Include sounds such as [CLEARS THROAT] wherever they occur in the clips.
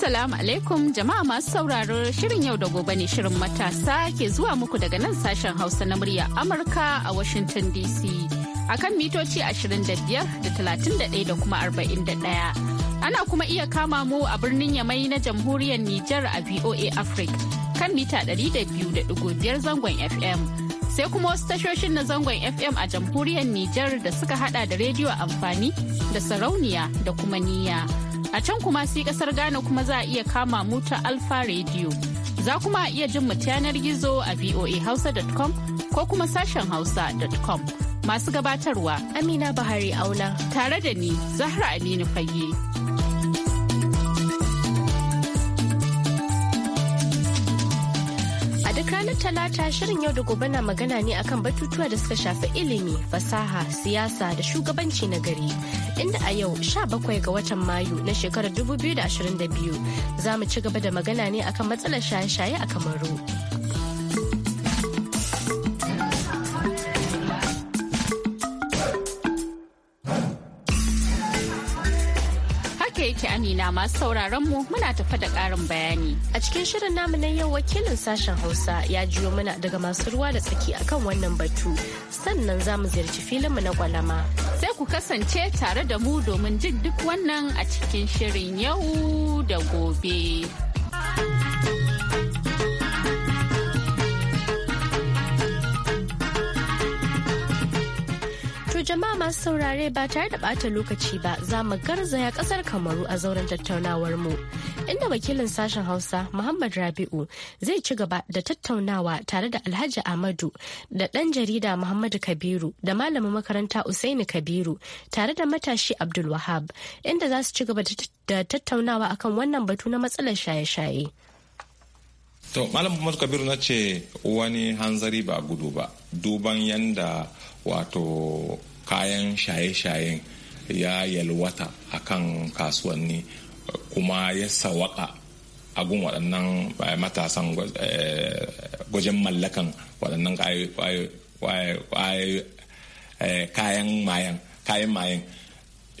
Assalamu alaikum jama'a masu sauraro shirin yau da gobe ne shirin matasa ke zuwa muku daga nan sashen Hausa na murya Amurka a Washington DC a kan mitoci 25 da 31 da kuma 41. Ana kuma iya kama mu a birnin Yamai na jamhuriyar Nijar a VOA Africa kan mita 200.5 zangon FM. Sai kuma wasu tashoshin na zangon FM a jamhuriyar Nijar da suka hada da rediyo amfani da sarauniya da kuma niyya. A can kuma sai kasar Ghana kuma za a iya kama mota ta Alfa Radio. Za kuma iya jin mu ta yanar gizo a voahausa.com ko kuma sashen hausa.com. Masu gabatarwa Amina Bahari Aula tare da ni Zahra Aminu Fayye. ranar talata shirin yau da gobe na magana ne akan batutuwa da suka shafi ilimi fasaha siyasa da shugabanci na gari inda a yau 17 ga watan Mayu na shekarar 2022 za mu ci gaba da magana ne akan matsalar shaye-shaye a Kamaru. yake amina masu sauraron mu muna tafa da karin bayani. A cikin shirin namu na yau wakilin sashen Hausa ya jiyo mana daga masu ruwa da tsaki akan wannan batu sannan za mu ziyarci filinmu na kwalama. sai ku kasance tare da mu domin jin duk wannan a cikin shirin yau da gobe. jama'a masu saurare ba tare da bata lokaci ba za mu garzaya kasar Kamaru a zauren tattaunawar mu. Inda wakilin sashen Hausa Muhammad Rabi'u zai ci gaba da tattaunawa tare da Alhaji Ahmadu da dan jarida Muhammadu Kabiru da malamin makaranta Usaini Kabiru tare da matashi Abdul inda za su ci gaba da tattaunawa akan wannan batu na matsalar shaye-shaye. To Malam Muhammad Kabiru na ce wani hanzari ba gudu ba duban yanda wato kayan shaye-shayen ya yalwata a kan kasuwanni kuma ya sawaka a gun waɗannan eh, matasan gwajin eh, mallakan waɗannan eh, kayan mayan kayan a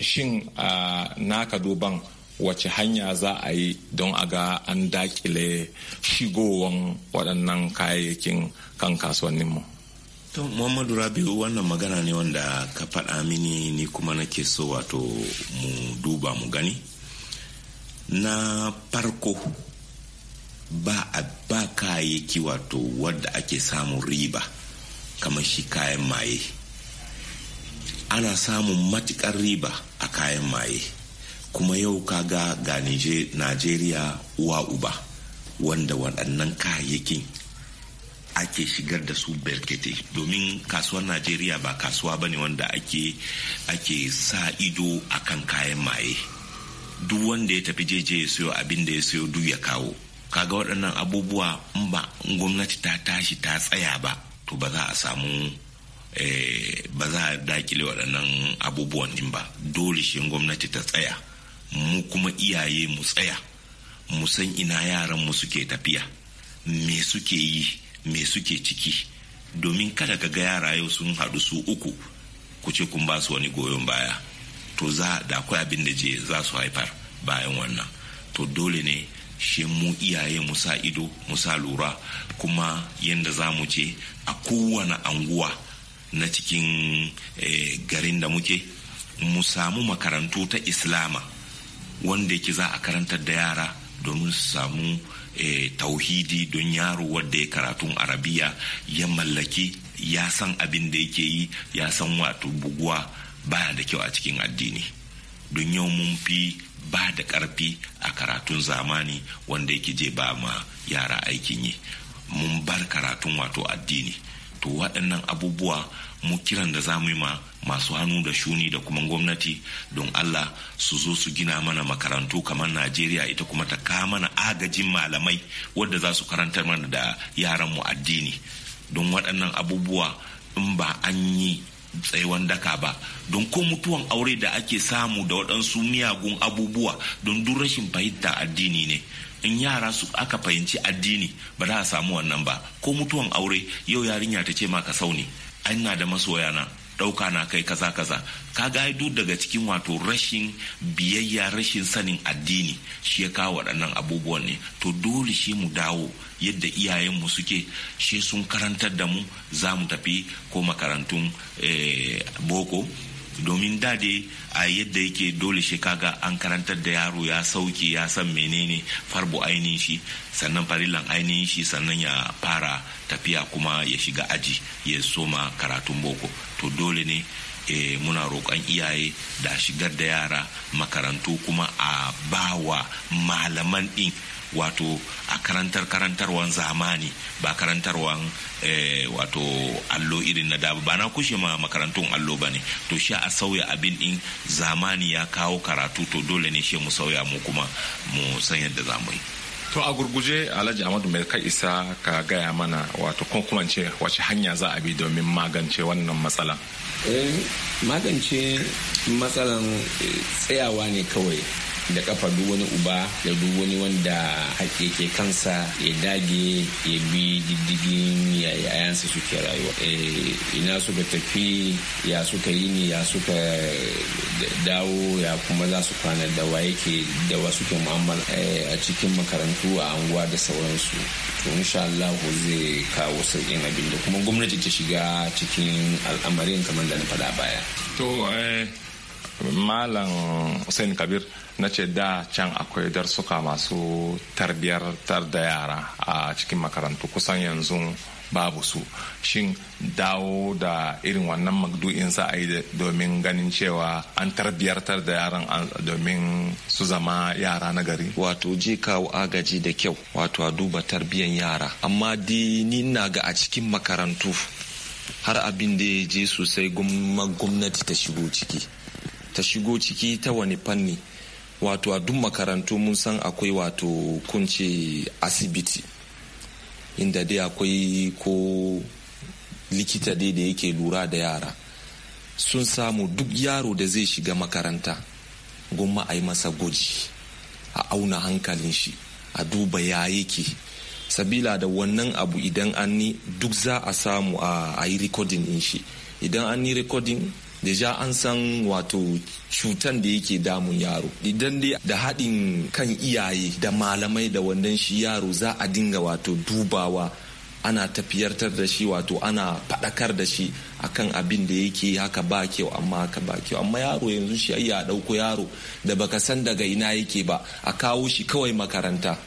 shin ah, naka duban wace hanya za a yi don a ga an dakile shigowan waɗannan kayayyakin kan kasuwanninmu to muhammadu rabiu wannan magana ne wanda ka faɗa mini ni kuma nake so wato mu duba mu gani na farko ba a ba kayayyaki wato wadda ake samun riba kamar shi kayan maye ana samun matukar riba a kayan maye kuma yau kaga ga najeriya uwa uba wanda waɗannan kayayyakin ake shigar da su berkete domin kasuwar najeriya ba kasuwa ba ne wanda ake ake sa ido a kan kayan maye duk wanda ya tafi jeje ya sayo, abin da ya sayo duk ya kawo kaga waɗannan abubuwa in ba gwamnati ta tashi ta tsaya ba to ba za a samu eh, ba za a dakile waɗannan abubuwan din ba dole shi gwamnati ta tsaya mu kuma iyaye mu tsaya mu san ina yaran mu suke tafiya me suke yi me suke ciki domin kada ka ga yara yau sun haɗu su uku ku ce kun ba su wani goyon baya to za da akwai abin da je za su haifar bayan wannan to dole ne shi mu iyaye mu sa ido mu sa lura kuma yadda za mu ce a kowane anguwa na cikin eh, garin da muke mu samu makarantu ta islama wanda yake za a karantar da yara domin su samu Eh, tauhidi don yaro wanda ya karatun arabiya ya mallaki ya san abin da yake yi ya san wato buguwa baya da kyau a cikin addini don yau mun fi ba da karfi a karatun zamani wanda yake je ba ma yara aikin yi mun bar karatun wato addini to waɗannan abubuwa mu kiran da za mu yi ma masu hannu da shuni da kuma gwamnati don Allah su zo su gina mana makarantu kamar Najeriya ita kuma ta kawo mana agajin malamai wadda za su karantar mana da yaran mu addini don waɗannan abubuwa in ba an yi tsayuwan daka ba don ko mutuwan aure da ake samu da waɗansu miyagun abubuwa don duk rashin fahimta addini ne in yara su aka fahimci addini ba za a samu wannan ba ko mutuwan aure yau yarinya ta ce ma ka sau ina da masoya na ɗauka na kai kaza kaza ka ga duk daga cikin wato rashin biyayya rashin sanin addini shi ya kawo waɗannan abubuwan ne to dole shi mu dawo yadda iyayenmu suke shi sun karantar da mu za mu tafi ko makarantun eh, boko domin da dade a yadda yake dole shi kaga an karantar da yaro ya sauke ya san menene farbo ainihin shi sannan farillan ainihin shi sannan ya fara tafiya kuma ya shiga aji ya soma karatun boko to dole ne e, muna roƙon iyaye da shigar da yara makarantu kuma a bawa malaman din wato a karantar karantarwan zamani ba karantarwan eh, wato allo irin na da ba na kushe ma makarantun allo ba ne to shi a sauya abin in zamani ya kawo karatu to dole ne shi mu sauya mu kuma mu san yadda za mu yi to a gurguje alhaji amadu mai kai isa ka gaya mana wato ko wace hanya za a bi domin magance wannan matsala. Eh, magance matsalan eh, tsayawa ne kawai da kafa duk wani uba da duk wani wanda haƙƙi ke kansa ya dage ya bi diddigin yayansa suke rayuwa eh, ina suka tafi ya suka yi ne ya suka eh, dawo ya kuma za su kwana da wa yake da wa suke mu'amala eh, a cikin makarantu a anguwa da sauransu to insha Allah zai kawo sauƙin abin da kuma gwamnati ta shiga cikin al'amarin kamar da na faɗa baya to malam Hussein Kabir na ce da can akwai darsuka masu tarbiyar da yara a cikin makarantu kusan yanzu babu su shin dawo da irin wannan magdu'in za a yi domin ganin cewa an tarbiyartar da yaran domin su zama yara na gari wato ji kawo agaji da kyau wato a duba tarbiyan yara amma di ni na ga a cikin makarantu har abin da ya je sosai gwamnati ta shigo ciki ta shigo ciki ta wani fanni wato a duk makarantu mun san akwai wato kunce asibiti inda dai akwai ko likita dai da yake lura da yara sun samu duk yaro da zai shiga makaranta guma a yi masa guji a auna hankalin shi a duba ya yake sabila da wannan abu idan an ni duk za a samu a yi rikodin in shi idan an ni rikodin deja an san wato cutan da yake damun yaro idan dai da haɗin kan iyaye da malamai da wannan shi yaro za a dinga wato dubawa ana tafiyartar da shi wato ana faɗakar da shi akan abin da yake haka ba kyau amma haka ba kyau amma yaro yanzu shi ya ɗauko yaro da baka san daga ina yake ba a kawo shi kawai makaranta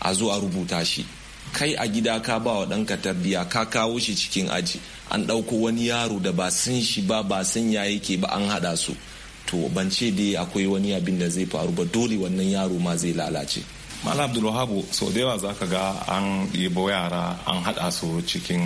a zo a rubuta shi kai a gida ka ba wa ɗanka tarbiyya ka kawo shi cikin aji an ɗauko wani yaro da ba sun shi ba ba sun ya yake ba an haɗa su to ban ce dai akwai wani abin da zai faru ba dole wannan yaro ma zai lalace malam abdulwahabu so da yawa za ka ga an ɗebo yara an haɗa su cikin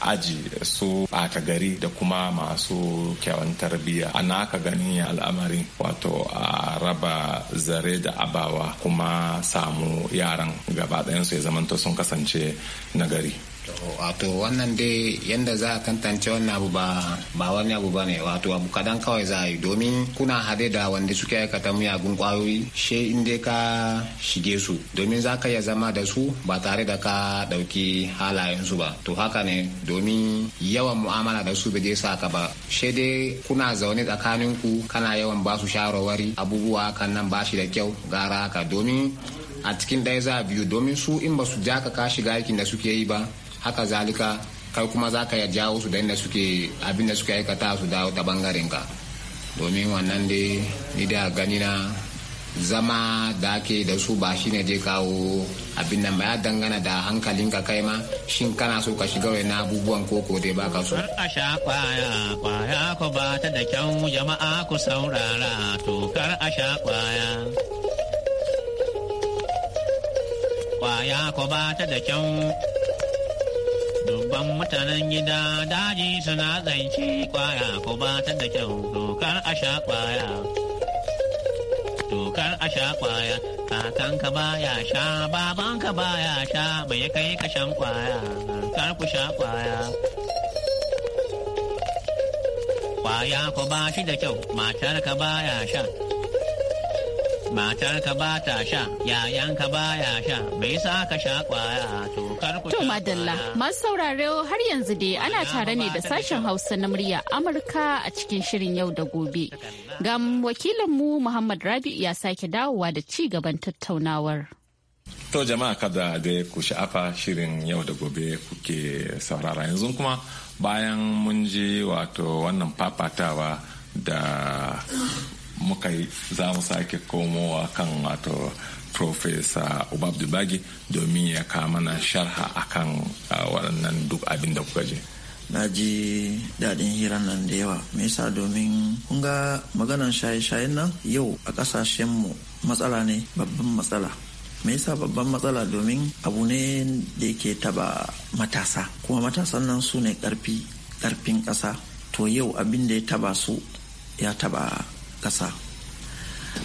aji su ɓata gari da kuma masu kyawun tarbiyya na ka gani al'amari wato a raba zare da abawa kuma samu yaran gaba su ya zamanta sun kasance nagari. wato wannan dai yadda za a tantance wannan abu ba wani abu ba ne wato abu kadan kawai za a yi domin kuna haɗe da wanda suke aikata miyagun kwayoyi she in dai ka shige su domin za ka iya zama da su ba tare da ka ɗauki halayen su ba to haka ne domin yawan mu'amala da su bai sa ka ba she dai kuna zaune tsakanin ku kana yawan ba su shawarwari abubuwa kan nan ba shi da kyau gara haka domin a cikin ɗaya za a biyu domin su in ba su ja ka ka shiga aikin da suke yi ba haka zalika kai kuma za ka jawo su da inda suke abin da suke aikata su dawo ta bangaren ka domin wannan dai ni da gani na zama da ake da su ba shine je kawo abin nan ba ya dangana da hankalin ka kai ma shin kana so ka shiga wani abubuwan koko dai ka so. a sha kwaya kwaya ko ba ta da kyau jama'a ku saurara to a sha kwaya. Kwaya ko ba ta da kyau dubban mutanen gida daji suna zance kwaya ko ba ta da kyau dokar a sha kwaya dokar a sha kwaya ba baya sha babanka baya sha bai kai kashan kwaya kar ku sha kwaya kwaya ko ba shi da kyau matar ba baya sha matarka ba ta sha yayanka ba ya sha me yasa ka sha kwaya to kar ku To madalla masu saurare har yanzu dai ana tare ne da sashen Hausa na murya Amurka a cikin shirin yau da gobe. Ga wakilinmu Muhammad Rabi'u ya sake dawowa da ci gaban tattaunawar. To jama'a kada da ku sha'afa shirin yau da gobe kuke saurara yanzu kuma bayan mun ji wato wannan fafatawa da muka yi za mu sake komowa kan wato Profesa Ubabdu Bagi domin ya kama na sharha a kan waɗannan duk abin da kuka je. na ji daɗin hiran nan da yawa me yasa domin kun ga maganan shaye-shayen nan yau a ƙasashenmu matsala ne babban matsala me yasa babban matsala domin abu ne da yake taba matasa kuma matasan nan su ne ƙarfi ƙarfin ƙasa to yau abin da ya taba su ya taba kasa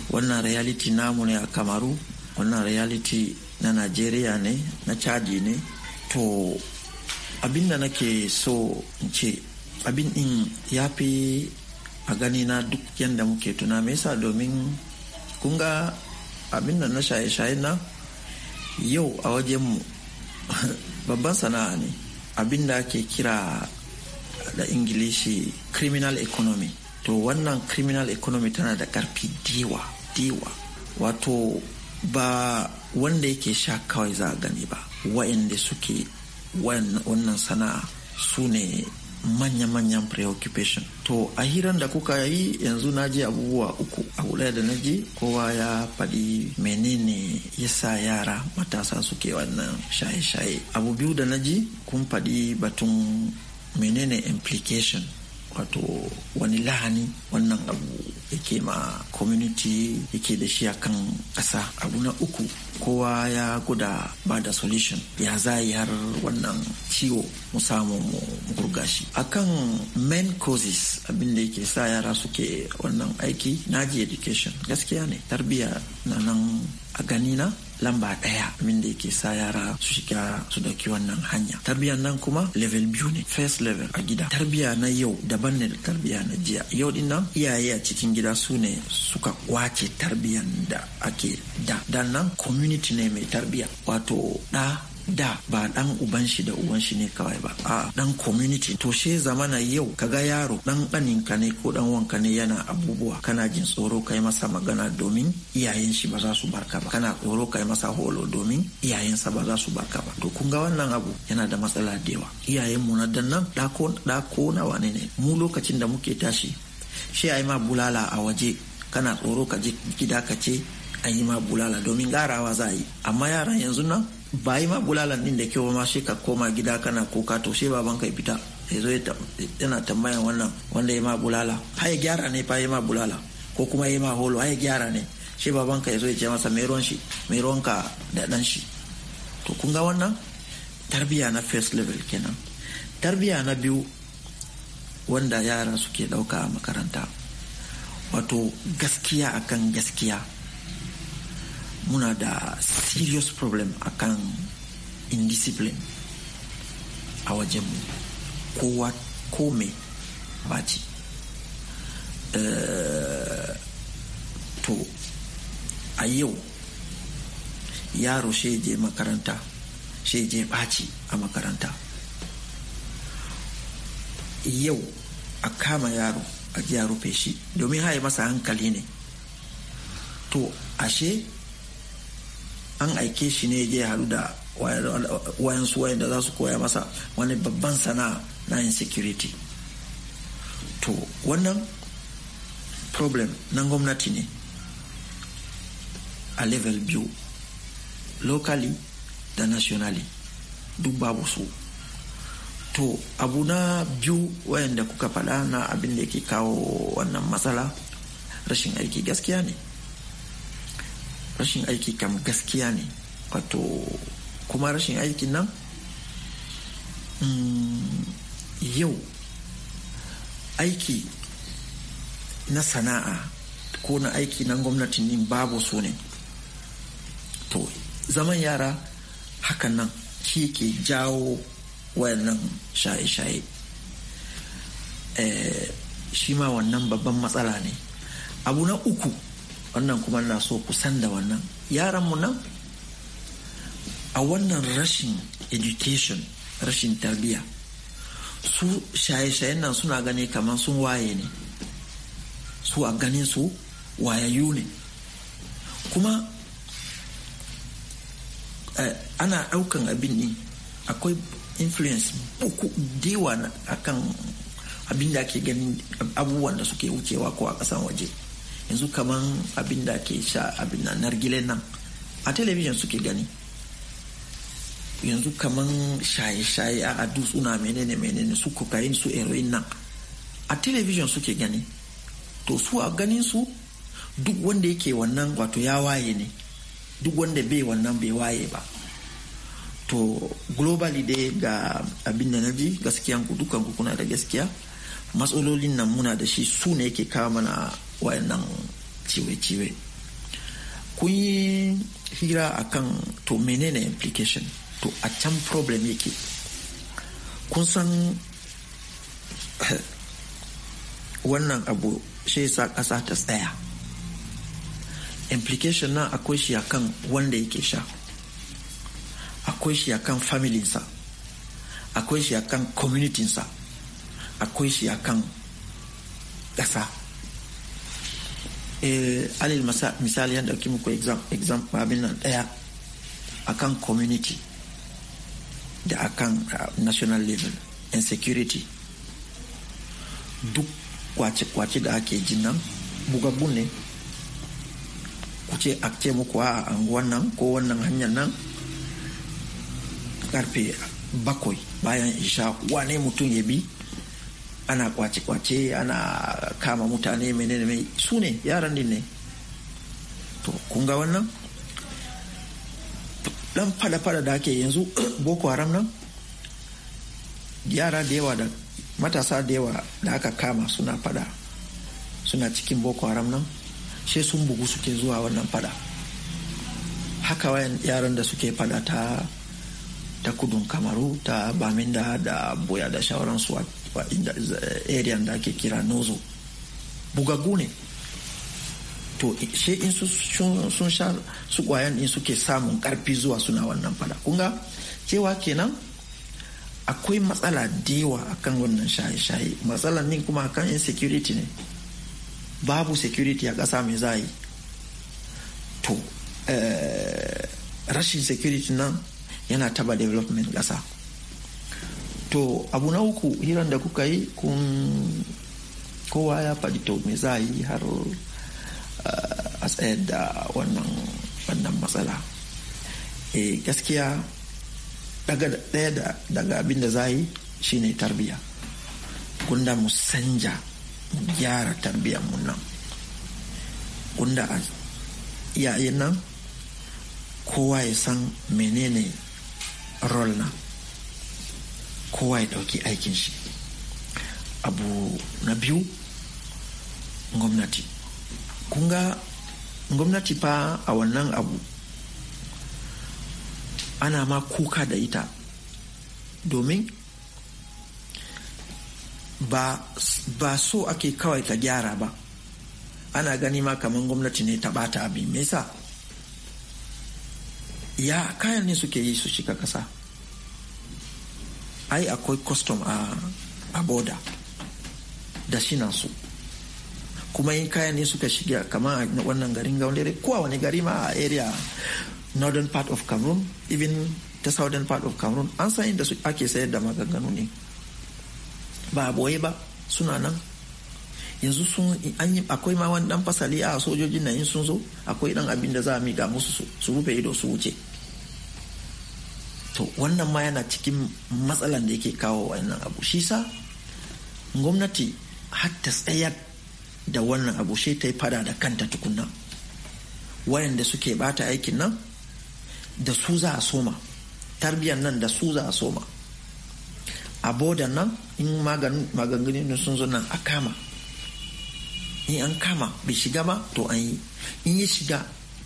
wannan reality namu ne a kamaru wannan reality na nigeria ne na chadi ne to abin da nake so in ce abin din ya fi a gani na duk yadda muke tuna me yasa domin kun ga abin da na shaye-shaye na yau a wajenmu [LAUGHS] babban sana'a ne abin da ake kira da ingilishi criminal economy to wannan criminal economy tana da karfi diwa diwa wato ba wanda yake sha kawai za a gani ba wa'anda suke wannan sana'a su ne manya-manyan preoccupation to a hiran da kuka yi yanzu na ji abubuwa uku a ɗaya da na ji kowa ya faɗi menene ya sa yara matasa suke wannan shaye-shaye abu biyu da na ji kun faɗi batun menene implication wato wani lahani wannan abu yake ma community yake da shi akan ƙasa abu na uku kowa ya guda ba da solution ya zai har wannan ciwo mu samu mu gurgashi akan main causes abin da yake sa yara suke wannan aiki naji education gaskiya ne tarbiyya na nan a ganina lamba ɗaya min da yake sa yara su shiga su dauki wannan hanya tarbiya nan kuma level biyu ne first level a gida tarbiyya na yau daban ne da tarbiyya na jiya yau din nan iyaye a cikin gida su ne suka kwace tarbiyan da ake da dan nan community ne mai tarbiya wato da. da ba dan uban shi da uban shi ne kawai ba a dan community to she zamana yau kaga yaro dan kanin ka ne ko dan wanka ne yana abubuwa kana jin tsoro kai masa magana domin iyayen shi ba za su barka ba kana tsoro kai masa holo domin iyayensa ba za su barka ba to kun ga wannan abu yana da matsala da yawa iyayen mu na dan nan dako dako nawa ne ne mu lokacin da muke tashi shi ai ma bulala a waje kana tsoro ka je gida ka ce an yi ma bulala domin garawa za a yi amma yaran yanzu nan ba yi ma bulalan din da kyau ma sai ka koma gida kana kuka to sai baban ka fita ya zo yana tambayan wannan wanda ya ma bulala haye gyara ne fa ya ma bulala ko kuma ya ma holo haye gyara ne sai baban ka ya zo ya ce masa mai ruwan shi mai ruwan ka da dan shi to kun ga wannan tarbiya na first level kenan tarbiya na biyu wanda yara suke dauka a makaranta wato gaskiya akan gaskiya muna da serious problem akan indiscipline a wajenmu kowa kome baci uh, eh, to a yau yaro je makaranta je baci a makaranta yau a kama yaro a ji yaro feshi domin haye masa hankali ne to ashe an aike shi ne ya haɗu da wayansu wayanda za su koya masa wani babban sana'a na insecurity to wannan problem na gwamnati ne a level biyu locally da nationally duk babu su to abu na biyu wayanda kuka faɗa na abin da yake kawo wannan matsala rashin aiki gaskiya ne rashin aiki kam gaskiya ne wato kuma rashin aikin nan mm, yau aiki na sana'a ko na aiki na gwamnati ne babu su ne to zaman yara hakan nan ki ke jawo wayannan shaye-shaye eh, shi ma wannan babban matsala ne abu na uku wannan kuma na so kusan da wannan yaran mu nan a wannan rashin education rashin tarbiyya su shaye-shayen nan suna gani kamar sun waye ne su a ganin su wayayyu ne kuma eh, ana ɗaukan abin ne akwai influence buku dewa akan abin da ake ganin abubuwan da suke wucewa ko a kasan waje yanzu kaman abin da ke sha abin na nargile nan a telebijin suke gani yanzu kaman shaye-shaye a dutsuna menene menene su kokain su heroin nan a telebijin suke gani to su a ganin su duk wanda yake wannan wato ya waye ne duk wanda bai wannan bai waye ba to globally dai ga abin da na ji gaskiyan ku ku kuna da gaskiya matsalolin nan muna da shi su ne yake kawo mana wayannan ciwe-ciwe kun yi hira kan to menene implication to a can problem yake kun san [LAUGHS] wannan abu shi yasa ƙasa ta tsaya implication na akwai shi akan wanda yake sha akwai shi akan familinsa akwai shi akan communitinsa akwai shi akan ƙasa eh, alil misali yadda ɗauki muku example abin nan ɗaya akan community da akan ah, national level and security duk kwace-kwace da ake jin nan bugabu ne ku ce a ce muku a anguwan nan ko wannan hanyar nan karfe bakwai bayan isha wane mutum ya bi ana kwace-kwace ana kama mutane menene mai su ne yaran din ne to kun ga wannan dan fada-fada da ake yanzu [CLEARS THROAT] boko haram nan yara da yawa da matasa da yawa da aka kama suna fada suna cikin boko haram nan sai sun bugu suke zuwa wannan fada haka wayan yaran da suke fada ta ta kudun kamaru ta baminda da boya da suwa. inda eh, area da ake kira nozo bugaggu ne to she in sun sha su kwayan in suke samun karfi zuwa suna wannan fada kunga cewa kenan akwai matsala dewa akan wannan shaye-shaye matsalan ne kuma akan insecurity ne babu security a ƙasa mai zai to eh, rashin security nan yana taba development ƙasa to abu na uku hiran da kuka yi kun kowa ya faɗi to me za yi har eh, a tsayar da wannan matsala e gaskiya ɗaya daga abin da za yi shine tarbiya kunda mu sanja mu gyara tarbiyyar mu nan kunda a iyayen nan kowa ya san menene rol na. kowa ya ɗauki aikin shi abu na biyu gwamnati kunga gwamnati fa a wannan abu ana ma kuka da ita domin ba, ba so ake kawai ta gyara ba ana gani ma kamar gwamnati ne ta bata abin mesa. ya kayan ne suke yi su shiga kasa ai akwai custom a boda da shi su kuma yin kaya ne suka shiga kamar a wannan garin gaunere ko a wani gari ma a area northern part of cameroon even ta southern part of cameroon an san inda ake sayar da maganganu ne ba a boye ba suna nan yanzu sun akwai ma wani dan fasali a sojojin na in sun zo akwai dan abin da za a miƙa musu su rufe ido su wuce to wannan ma yana cikin matsalan da yake kawo wannan abu shi sa gwamnati har ta tsayar da wannan abu shi ta yi fada da kanta tukunna wayanda suke bata aikin nan da su za a soma tarbiyyar nan da su za a soma a bodan nan in maganganun sun zo nan a kama in an kama bai shiga ba to an yi in yi shiga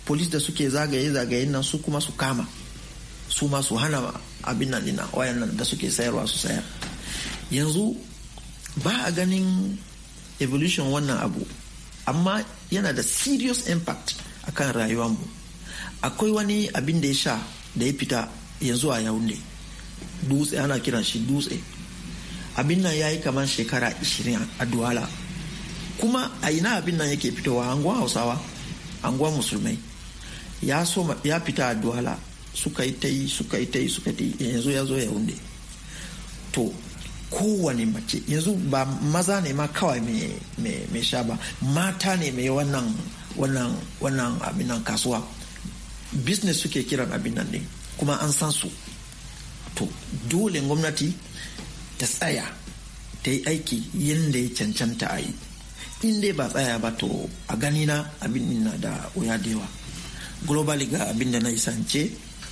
polis da suke zagaye zagaye nan su kuma su kama su ma su hana abin nan dina wayan nan da suke sayarwa su sayar yanzu ba a ganin evolution wannan abu amma yana da serious impact akan rayuwarmu akwai wani abin da ya sha da ya fita yanzu a yaunde dutse ana kiran shi dutse abin nan ya yi kamar shekara 20 a duwala kuma a ina abin nan yake fitowa anguwan hausawa anguwan musulmai ya fita a duwala suka yi ta yi suka yi ta yi suka eh, yanzu ya zo ya wunde to kowane mace yanzu ba maza ne ma kawai mai sha ba mata ne mai wannan wannan wannan abinan kasuwa business suke kiran abin nan kuma an san su to dole gwamnati ta tsaya ta yi aiki yadda ya cancanta a yi in dai ba tsaya ba to a ganina abin na da wuya da yawa globally ga abin da na isance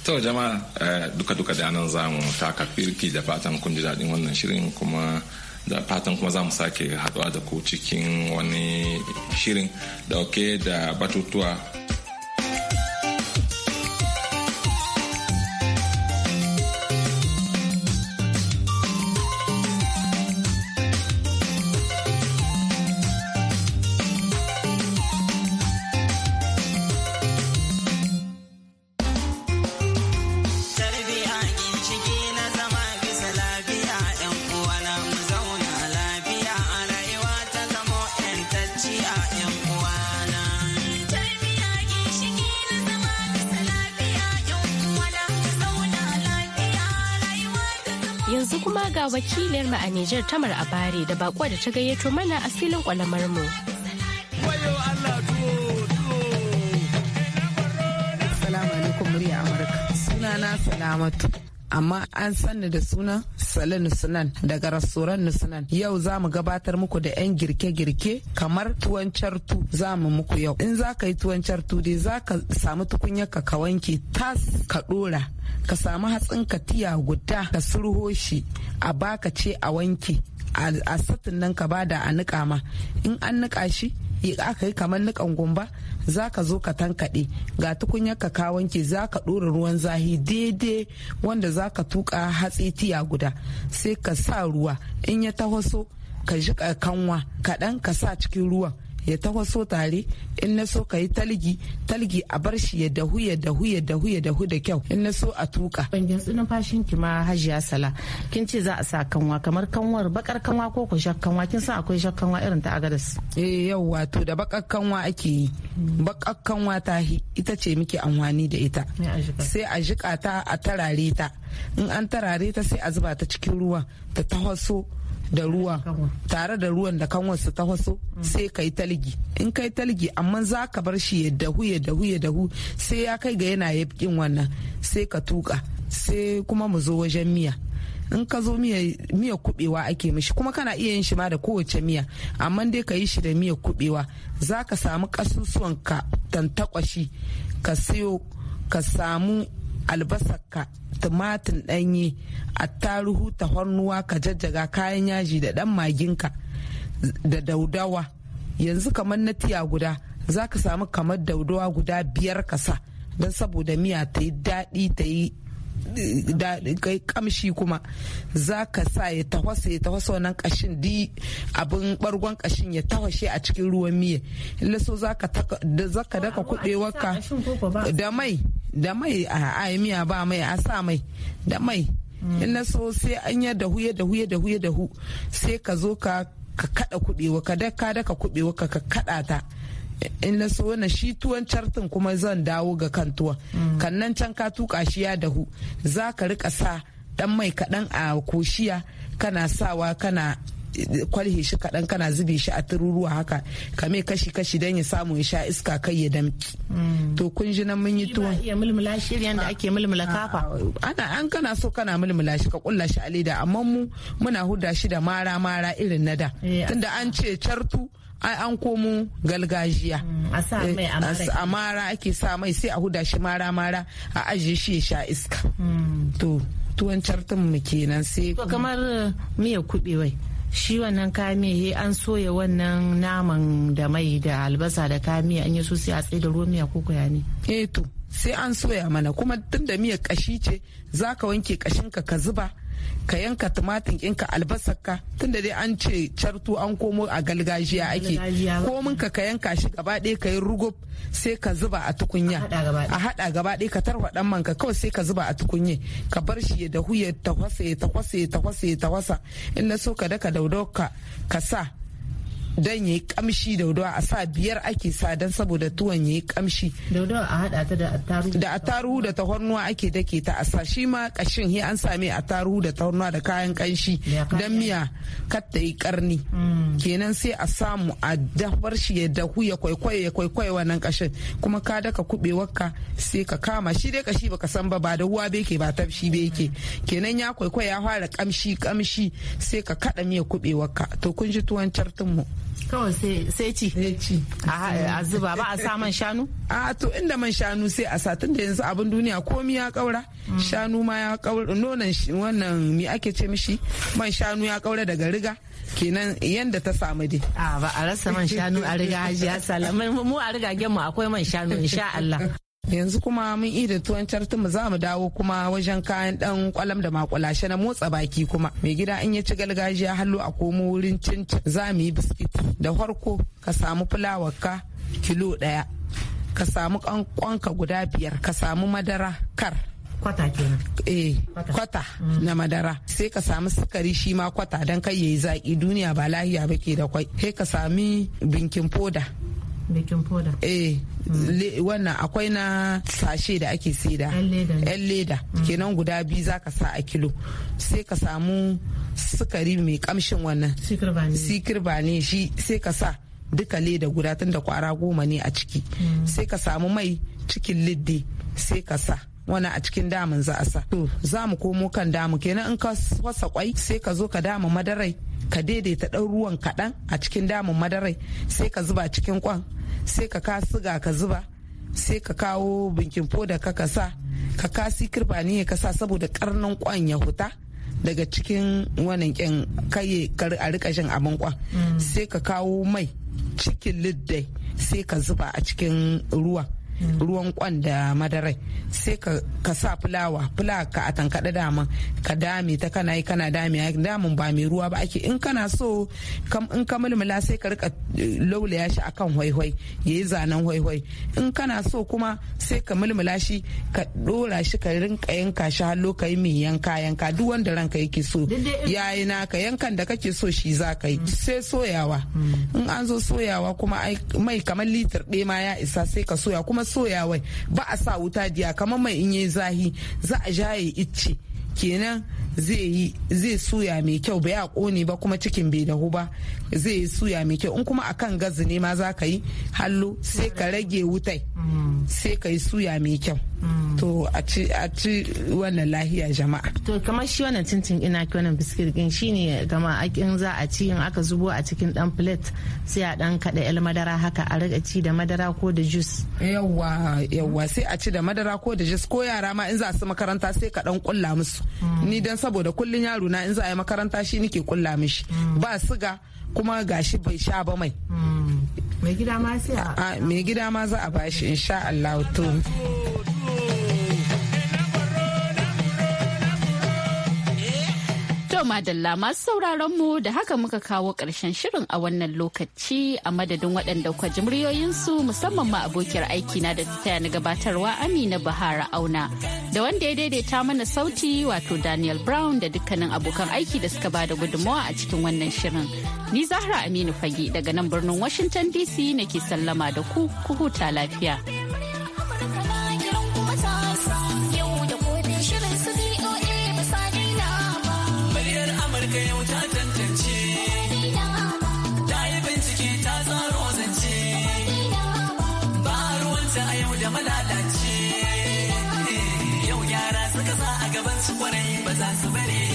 to jama'a eh, duka-duka da nan za mu taka firki da fatan kun ji daɗin wannan shirin kuma da fatan kuma za mu sake haɗuwa da ku cikin wani shirin dauke da batutuwa kuma ga wakiliyar mu a Nijar Tamar Abare da bako da ta gayyato mana a filin kwalamar mu. Assalamu alaikum murya Amurka. Sunana Salamatu. Amma an sanni da suna salin sunan daga rasuran sunan yau za mu gabatar muku da 'yan girke-girke kamar tuwon cartu za mu muku yau in za ka yi tuwon cartu dai za ka samu tukunyar ka ka wanke tas ka ɗora ka samu hatsin ka tiya guda ka surho shi a baka ce a wanke a satin nan ka bada a niƙa ma in an niƙa shi aka yi kamar niƙan gumba za ka zo ka tankaɗe ga tukunyar ka ka za ka ɗora ruwan zahi daidai wanda za ka tuƙa hatsi tiya guda sai ka sa ruwa in ya taho so ka jiƙa kanwa kaɗan ka sa cikin ruwan ya so tare in na so ka yi talgi talgi a bar shi ya dahu ya dahu ya dahu ya dahu da kyau in na so a tuka ban gintsi fashin ki ma hajiya sala kin ce za a sa kanwa kamar kanwar bakar kanwa ko ku kanwa kin san akwai kanwa irin ta agadas eh yau wato da bakar kanwa ake yi hmm. bakar kanwa ta ita ce muke amfani da ita sai a jika ta a tarare ta in an tarare ta sai a zuba ta cikin ruwa ta so. da ruwa tare da ruwan da kan su ta waso mm. sai yi talgi in ka yi talgi amma za ka bar shi ya dahu ya dahu ya dahu sai ya kai ga yana yabkin wannan sai ka tuka sai kuma mu zo wajen miya in ka zo miya kubewa ake mishi kuma kana iya yin shi ma da kowace miya amma dai ka yi shi da miya kubewa za ka samu kasusuwan ka tantakwashi ka siyo ka samu albasarka tumatin ɗanye attaruhu hannuwa ka jajjaga kayan yaji da ɗan maginka da daudawa yanzu kamar na tiya guda za ka samu kamar daudawa guda biyar kasa don saboda miya ta yi daɗi ta yi kai eh, kamshi kuma za ka sa ya tahwasa ya tahwasa wannan kashin di abin bargon kashin ya tahwashe a cikin ruwan miya illa so za ka daka kudewarka da mai da mai a miya ba mai a sa mai da mai in na so sai an da dahu ya dahu ya dahu ya dahu sai ka zo ka ka kada ka daka daka kubewa ka kada ta in na so na shi tuwon cartin kuma zan dawo ga kan tuwon kan nan can ka tuka shi ya dahu za ka rika sa dan mai kaɗan a koshiya kana sawa kana kwalhe shi kaɗan kana zube shi a tururuwa haka kame kashi kashi don ya samu ya sha iska kai ya damki mm. to kun ji nan mun yi tuwon iya mulmula shi yadda ake mulmula ah, kafa an kana so kana mulmula shi ka kulla shi a leda amma mu muna huda shi da mara mara irin na da eh, tunda an ce cartu ai an komo galgajiya mm, a eh, mara ake sa mai sai a huda shi mara mara a ajiye shi ya sha iska mm. to tuwon cartun mu kenan sai to kamar eh, miya kuɓe wai shi wannan kamiya an soya wannan naman da mai da albasa da kamiya an yi so sai a tsaye da ruwan miya ko ya ne eh to sai an soya mana kuma tun da miyar kashi ce za ka wanke kashinka ka zuba ka yanka tumatin ka albasarka tunda dai an ce cartu an komo a galgajiya ake komin ka ka yanka shi gaba ɗaya ka yi rugub sai ka zuba a tukunya a hada gaba ɗaya ka tarwaɗan man ka kawai sai ka zuba a tukunya ka bar shi ya dahu ya tafasa ya tafasa ya tafasa ya tafasa in na so ka daka daudau ka sa Dan ya yi kamshi daudawa a sa biyar ake sa don saboda tuwon ya yi kamshi daudawa a taruhu da attaruhu da attaruhu da ake dake ta a sa shi ma kashin he an a attaruhu da a da kayan kanshi don miya kar yi karni mm. kenan sai a samu a dafar shi ya dahu ya kwaikwayo ya kwaikwaye wannan kashin kuma ka daka kubewarka sai ka kama shi dai kashi baka san ba ba da ruwa ke ba tafshi ke kenan ya kwaikwayo ya fara kamshi kamshi sai ka kada miya kubewarka to kun ji tuwon cartin mu kawai sai ci a zuba ba a sa man shanu a to inda man shanu sai a sa tunda yanzu abin duniya komi ya kaura shanu ma ya kaura nonon wannan mi ake ce mishi man shanu ya kaura daga riga kenan yanda ta samu dai a ba a rasa man shanu a riga hajiya salamai mu a riga mu akwai man shanu insha Allah yanzu kuma mun yi da tuwon cartumu za mu dawo kuma wajen kayan dan kwalam da makulashe na motsa baki kuma mai gida in ya ci galgajiya hallo a komo wurin cin za mu yi biskit da farko ka samu fulawar ka kilo daya ka samu kankonka guda biyar ka samu madara kar kwata kenan eh kwata mm. na madara sai ka samu sukari shi ma kwata don kai yayi zaki duniya ba lahiya ba ke da kwai sai ka sami binkin foda baking powder eh hmm. wannan akwai na sashe da ake saida yan leda hmm. kenan guda biyu zaka sa a kilo sai ka samu sukari mai kamshin wannan sikir ba ne shi sai ka sa duka leda guda tun da kwara goma ne a ciki hmm. sai ka samu mai cikin liddi sai ka sa wani a cikin damin za a sa to za mu komo kan damu kenan in ka wasa kwai sai ka zo ka dama madarai ka daidaita ɗan ruwan kaɗan a cikin damun madarai sai ka zuba cikin kwan sai ka ka siga ka zuba sai ka kawo binkin foda ka ka kasa ka ka sikirba ne ka sa saboda karnin kwan ya huta daga cikin wannan kyan kaye a rika shan abin kwan mm. sai ka kawo mai cikin liddai sai ka zuba a cikin ruwan ruwan kwan da madarai sai ka sa fulawa fulawa ka a tankaɗe dama ka dame ta kana yi kana dame damun ba mai ruwa ba ake in kana so in ka mulmula sai ka rika eh, laulaya shi akan hwaihwai ya yi zanen hwaihwai in kana so kuma sai ka mulmula shi ka ɗora shi ka rinka yanka shi har lokaci mai yanka yanka duk wanda ranka yake so yayi naka yankan da kake so shi za ka yi mm. sai soyawa mm. in an zo soyawa kuma mai kamar litir ɗaya ma ya isa sai ka soya kuma wai ba a sa wuta diya kamar mai in yi zahi za a jaye icce kenan zai yi zai suya mai kyau bai a kone ba kuma cikin bai dahu ba zai yi suya mai kyau in kuma akan gazi ne ma za ka yi hallo sai ka rage wutai sai ka yi suya mai kyau to a ci a ci wannan lahiya jama'a to kamar shi wannan tintin ina ki wannan biskit din shine gama kin za a ci in aka zubo a cikin dan plate sai a dan kada el madara haka a riga ci da madara ko da juice yawwa yawwa sai a ci da madara ko da juice ko yara ma in za su makaranta sai ka dan kulla musu ni dan saboda kullun yaro na in za a yi makaranta shi nike kulla mishi ba siga kuma gashi bai sha ba mai hmm. mai gida ma za a bashi insha Allah to yau madalla masu sauraron mu da haka muka kawo ƙarshen shirin a wannan lokaci a madadin waɗanda kwa musamman ma abokiyar aikina da ta na gabatarwa Amina Bahara Auna da wanda ya daidaita mana sauti wato Daniel Brown da dukkanin abokan aiki da suka bada gudunmawa a cikin wannan shirin. Ni Zahra Aminu Fage daga nan birnin Washington DC nake sallama da ku ku huta lafiya. that's so many